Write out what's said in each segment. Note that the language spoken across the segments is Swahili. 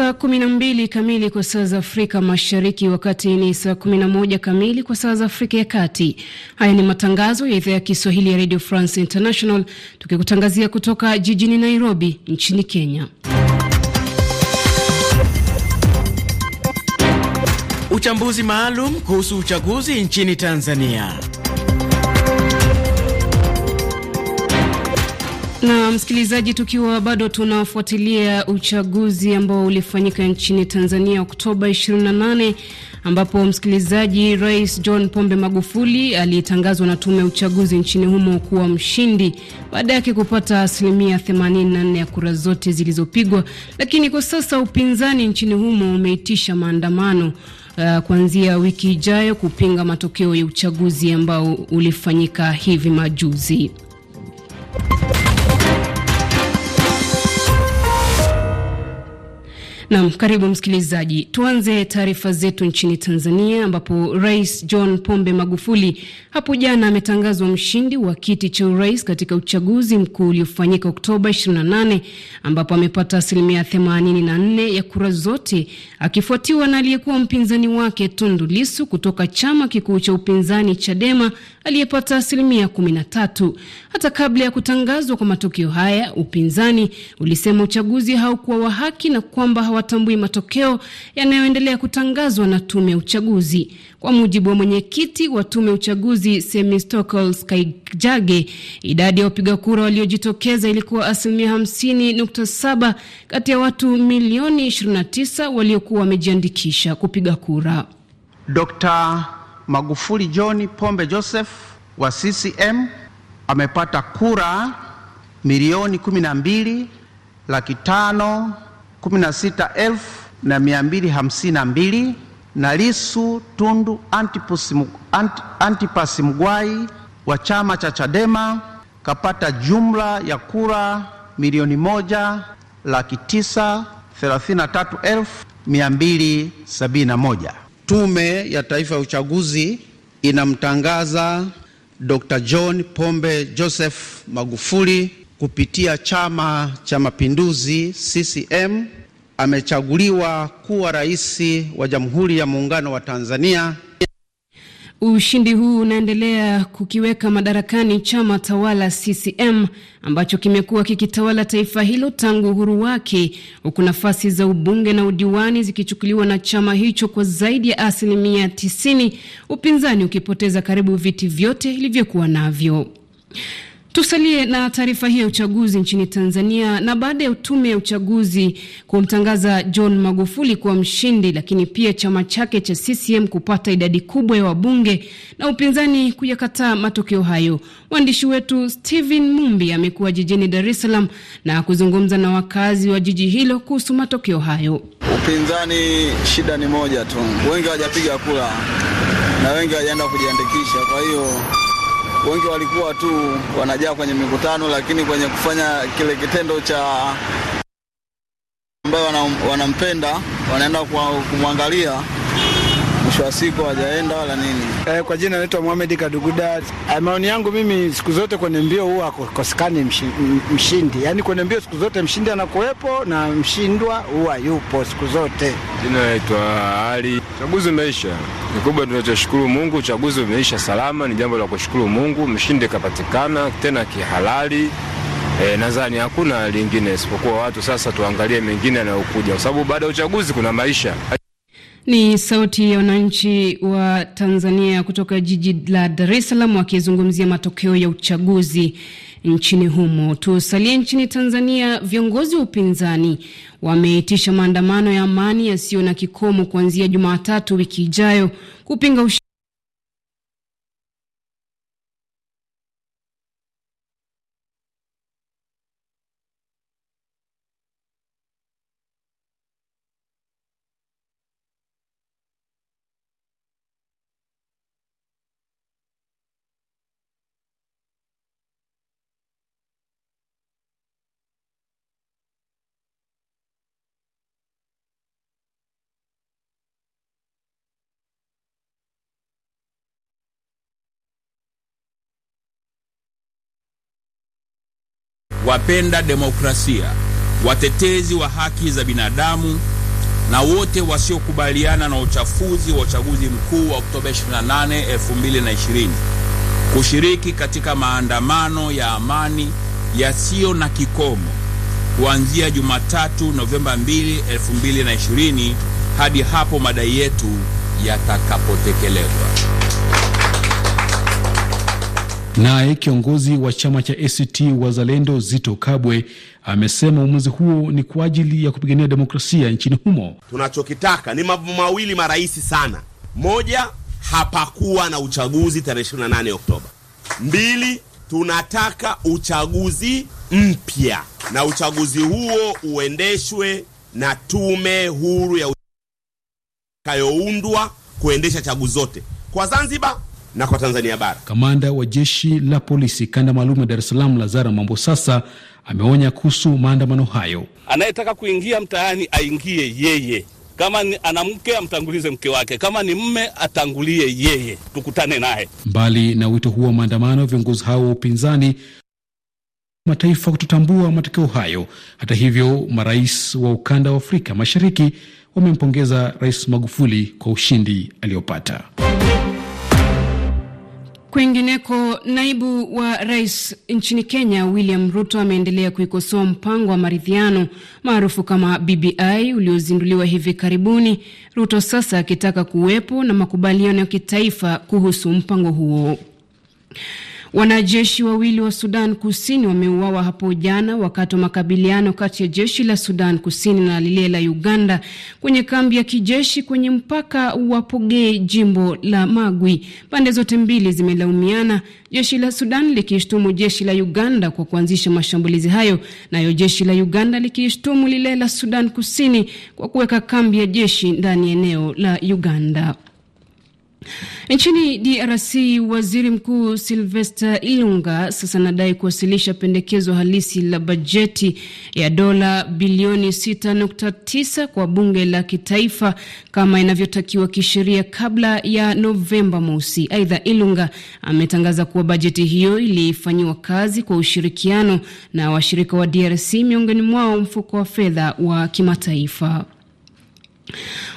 Saa 12 kamili kwa saa za Afrika Mashariki, wakati ni saa 11 kamili kwa saa za Afrika ya Kati. Haya ni matangazo ya idhaa ya Kiswahili ya Radio France International, tukikutangazia kutoka jijini Nairobi nchini Kenya. Uchambuzi maalum kuhusu uchaguzi nchini Tanzania. Na msikilizaji, tukiwa bado tunafuatilia uchaguzi ambao ulifanyika nchini Tanzania Oktoba 28 ambapo msikilizaji, Rais John Pombe Magufuli alitangazwa na tume ya uchaguzi nchini humo kuwa mshindi baada yake kupata asilimia 84 ya kura zote zilizopigwa, lakini kwa sasa upinzani nchini humo umeitisha maandamano Uh, kuanzia wiki ijayo kupinga matokeo ya uchaguzi ambao ulifanyika hivi majuzi. Nam, karibu msikilizaji. Tuanze taarifa zetu nchini Tanzania, ambapo Rais John Pombe Magufuli hapo jana ametangazwa mshindi wa kiti cha urais katika uchaguzi mkuu uliofanyika Oktoba 28 ambapo amepata asilimia 84 ya kura zote, akifuatiwa na aliyekuwa mpinzani wake Tundu Lisu kutoka chama kikuu cha upinzani Chadema aliyepata asilimia 13. Hata kabla ya kutangazwa kwa matokeo haya, upinzani ulisema uchaguzi haukuwa wa haki na kwamba hawatambui matokeo yanayoendelea kutangazwa na tume ya uchaguzi. Kwa mujibu wa mwenyekiti wa tume ya uchaguzi Semistocles Kaijage, idadi ya wapiga kura waliojitokeza ilikuwa asilimia 50.7 kati ya watu milioni 29 waliokuwa wamejiandikisha kupiga kura. Dr. Magufuli John Pombe Joseph wa CCM amepata kura milioni mbili laki tano 16252 na Lisu Tundu Antipas Mgwai wa chama cha Chadema kapata jumla ya kura milioni moja laki tisa thelathini na tatu elfu mia mbili sabini na moja. Tume ya Taifa ya Uchaguzi inamtangaza Dr. John Pombe Joseph Magufuli kupitia Chama cha Mapinduzi CCM amechaguliwa kuwa rais wa Jamhuri ya Muungano wa Tanzania. Ushindi huu unaendelea kukiweka madarakani chama tawala CCM ambacho kimekuwa kikitawala taifa hilo tangu uhuru wake, huku nafasi za ubunge na udiwani zikichukuliwa na chama hicho kwa zaidi ya asilimia 90, upinzani ukipoteza karibu viti vyote ilivyokuwa navyo. Tusalie na taarifa hii ya uchaguzi nchini Tanzania. Na baada ya tume ya uchaguzi kumtangaza John Magufuli kuwa mshindi, lakini pia chama chake cha CCM kupata idadi kubwa ya wabunge na upinzani kuyakataa matokeo hayo, mwandishi wetu Steven Mumbi amekuwa jijini Dar es Salaam na kuzungumza na wakazi wa jiji hilo kuhusu matokeo hayo. Upinzani shida ni moja tu, wengi hawajapiga kura na wengi hawajaenda kujiandikisha, kwa hiyo wengi walikuwa tu wanajaa kwenye mikutano, lakini kwenye kufanya kile kitendo cha ambayo wanampenda wanaenda kumwangalia mwisho wa siku hawajaenda wala nini. Eh, kwa jina naitwa Mohamed Kaduguda. Eh, maoni yangu mimi siku zote kwenye mbio huwa akukosekani mshindi, yaani kwenye mbio siku zote mshindi anakuwepo na mshindwa huwa yupo siku zote. Jina naitwa Ali. Chaguzi umeisha, kikubwa tunachoshukuru Mungu, uchaguzi umeisha salama, ni jambo la kushukuru Mungu. Mshindi kapatikana tena kihalali. E, nadhani hakuna lingine isipokuwa watu sasa tuangalie mengine yanayokuja, kwa sababu baada ya uchaguzi kuna maisha. Ni sauti ya wananchi wa Tanzania kutoka jiji la Dar es Salaam wakizungumzia matokeo ya uchaguzi nchini humo. Tusalie nchini Tanzania, viongozi wa upinzani wameitisha maandamano ya amani yasiyo na kikomo kuanzia Jumatatu wiki ijayo kupinga wapenda demokrasia, watetezi wa haki za binadamu na wote wasiokubaliana na uchafuzi wa uchaguzi mkuu wa Oktoba 28, 2020 kushiriki katika maandamano ya amani yasiyo na kikomo kuanzia Jumatatu Novemba 2, 2020 hadi hapo madai yetu yatakapotekelezwa. Naye kiongozi wa chama cha ACT Wazalendo Zito Kabwe amesema uamuzi huo ni kwa ajili ya kupigania demokrasia nchini humo. Tunachokitaka ni mambo mawili marahisi sana: moja, hapakuwa na uchaguzi tarehe 28 Oktoba; mbili, tunataka uchaguzi mpya na uchaguzi huo uendeshwe na tume huru ya utakayoundwa kuendesha chaguzi zote kwa Zanzibar na kwa Tanzania Bara. Kamanda wa jeshi la polisi kanda maalum ya Dar es Salaam Lazara sasa ameonya kuhusu maandamano hayo. Anayetaka kuingia mtaani aingie yeye, kama ni ana mke amtangulize mke wake, kama ni mme atangulie yeye, tukutane naye. Mbali na wito huo wa maandamano, viongozi hao wa upinzani mataifa kutotambua matokeo hayo. Hata hivyo, marais wa ukanda wa Afrika Mashariki wamempongeza Rais Magufuli kwa ushindi aliyopata. Kwingineko, naibu wa rais nchini Kenya William Ruto ameendelea kuikosoa mpango wa maridhiano maarufu kama BBI uliozinduliwa hivi karibuni, Ruto sasa akitaka kuwepo na makubaliano ya kitaifa kuhusu mpango huo. Wanajeshi wawili wa Sudan Kusini wameuawa hapo jana wakati wa makabiliano kati ya jeshi la Sudan Kusini na lile la Uganda kwenye kambi ya kijeshi kwenye mpaka wa Pogee, jimbo la Magwi. Pande zote mbili zimelaumiana, jeshi la Sudan likishtumu jeshi la Uganda kwa kuanzisha mashambulizi hayo, nayo jeshi la Uganda likishtumu lile la Sudan Kusini kwa kuweka kambi ya jeshi ndani ya eneo la Uganda. Nchini DRC, waziri mkuu Silvester Ilunga sasa anadai kuwasilisha pendekezo halisi la bajeti ya dola bilioni 6.9 kwa bunge la kitaifa kama inavyotakiwa kisheria kabla ya Novemba mosi. Aidha, Ilunga ametangaza kuwa bajeti hiyo ilifanyiwa kazi kwa ushirikiano na washirika wa DRC, miongoni mwao mfuko wa fedha wa kimataifa.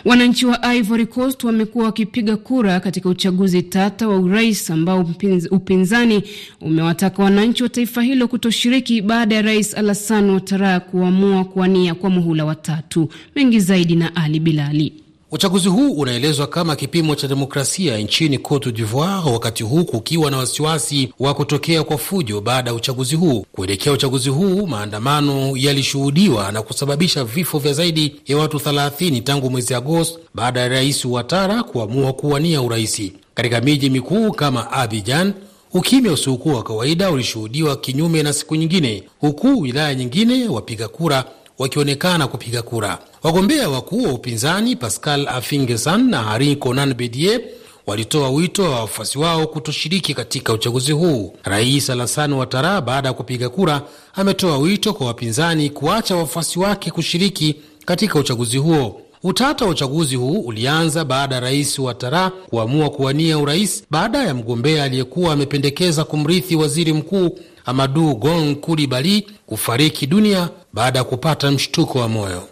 Wananchi wa Ivory Coast wamekuwa wakipiga kura katika uchaguzi tata wa urais ambao upinzani umewataka wananchi wa taifa hilo kutoshiriki baada ya rais Alassane Ouattara kuamua kuwania kwa muhula watatu. Mengi zaidi na Ali Bilali. Uchaguzi huu unaelezwa kama kipimo cha demokrasia nchini Cote d'Ivoire, wakati huu kukiwa na wasiwasi wa kutokea kwa fujo baada ya uchaguzi huu. Kuelekea uchaguzi huu, maandamano yalishuhudiwa na kusababisha vifo vya zaidi ya watu 30 tangu mwezi Agosti baada ya rais Ouattara kuamua kuwania uraisi. Katika miji mikuu kama Abidjan, ukimya usiokuwa wa kawaida ulishuhudiwa, kinyume na siku nyingine, huku wilaya nyingine wapiga kura wakionekana kupiga kura. Wagombea wakuu wa upinzani Pascal Afingesan na Hari Konan Bedie walitoa wito wa wafuasi wao kutoshiriki katika uchaguzi huu. Rais Alassane Ouattara, baada ya kupiga kura, ametoa wito kwa wapinzani kuacha wafuasi wake kushiriki katika uchaguzi huo. Utata wa uchaguzi huu ulianza baada ya rais Ouattara kuamua kuwania urais baada ya mgombea aliyekuwa amependekeza kumrithi waziri mkuu Amadou Gon Coulibaly kufariki dunia baada ya kupata mshtuko wa moyo.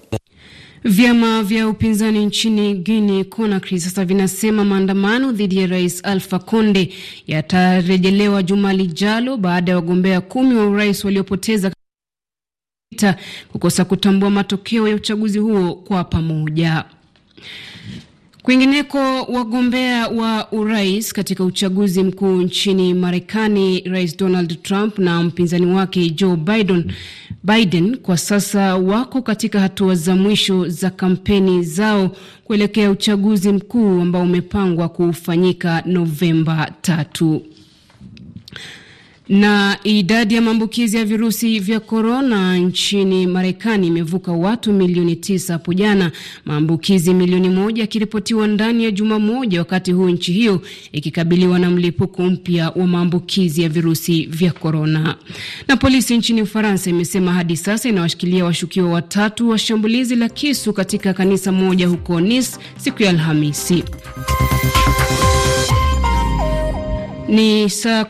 Vyama vya upinzani nchini Guinea Conakry sasa vinasema maandamano dhidi ya rais Alpha Conde yatarejelewa juma lijalo baada ya wagombea kumi wa urais waliopoteza kukosa kutambua matokeo ya uchaguzi huo kwa pamoja. Kwingineko, wagombea wa urais katika uchaguzi mkuu nchini Marekani, Rais Donald Trump na mpinzani wake Joe Biden, Biden kwa sasa wako katika hatua za mwisho za kampeni zao kuelekea uchaguzi mkuu ambao umepangwa kufanyika Novemba tatu. Na idadi ya maambukizi ya virusi vya korona nchini Marekani imevuka watu milioni tisa hapo jana, maambukizi milioni moja yakiripotiwa ndani ya juma moja, wakati huu nchi hiyo ikikabiliwa na mlipuko mpya wa maambukizi ya virusi vya korona. Na polisi nchini Ufaransa imesema hadi sasa inawashikilia washukiwa watatu wa shambulizi la kisu katika kanisa moja huko Nice siku ya Alhamisi. Ni saa